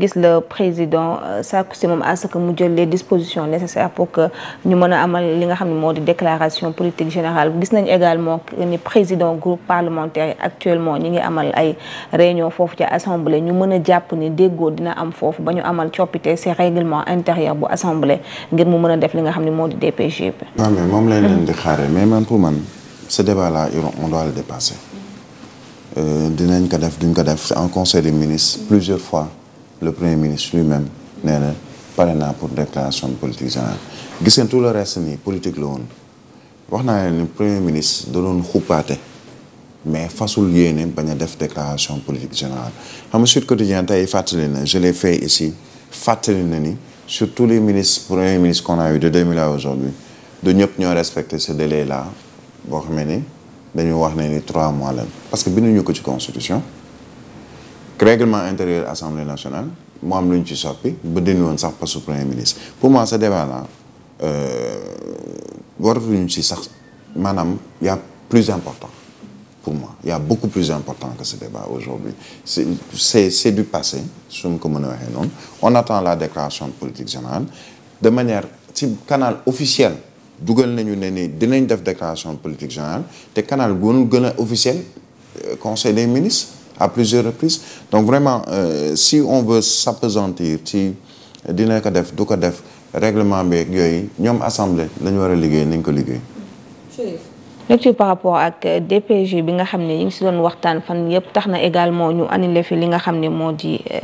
gis le président sàkku euh, si moom à ce que mu jël les disposition nécessaires pour que ñu mën a amal li nga xam ne moo di déclaration politique générale gis nañ également ni président groupe parlementaire yi actuellement ñi ngi amal ay réunion foofu ci assemblée ñu mën a jàpp ni déggoo dina am foofu ba ñu amal coppite ci règlement intérieur bu assemblée ngir mu mën a def li nga xam ne moo di DPG bi. E mais moom lañ leen di xaaree mais man pour man ce débat là on doit le dépasser euh, dinañ ko def duñ ko def en conseil des ministres le premier ministre lui-même nee na pare naa pour déclaration de politique générale gis ngeen tout le reste nii politique la woon wax naa leen ni premier ministre da doon xuppaate mais fasul yéene bañ def déclaration politique générale xam nga Sud Quotidien tey fàttali na je l'ai fait ici fàttali na ni sur tous les ministres premiers ministres qu'on a eu de 2000 à aujourd'hui du ñëpp ñoo respecté ce délai là boo xamee ni dañu wax ne ni trois mois la parce que bi ñu ko ci constitution règlement intérieur assemblée nationale mu am lu ñu ci soppi ba dindi woon sax poste premier ministre pour moi ce débat là euh, waratuñu ci sax maanaam y a plus important pour moi y a beaucoup plus important que ce débat aujourd'hui c'est c'est c'est du passé su ma ko mën a waxee noonu on attend la déclaration de politique générale de manière si canal officiel dugal nañu ne ni dinañ def déclaration politique générale te canal bu gën a officiel euh, conseil des ministres à plusieurs reprises donc vraiment euh, si on veut s'appesantir ci dina ko def du ko def règlement bi yooyu ñoom assemblée la war a liggéey nañ ko liggéey. lecture par rapport ak DPG bi nga xam ne ñu si doon waxtaan fan yëpp tax na également ñu annulé fi li nga xam ne moo di. Euh,